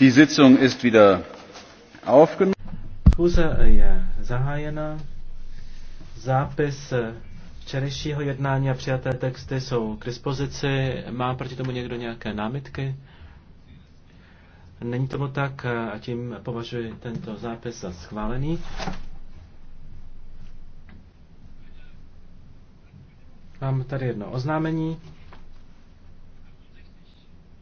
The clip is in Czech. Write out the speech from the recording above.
Die Sitzung ist wieder aufgenommen. Schůze je zahájena. Zápis včerejšího jednání a přijaté texty jsou k dispozici. Má proti tomu někdo nějaké námitky? Není tomu tak a tím považuji tento zápis za schválený. Mám tady jedno oznámení.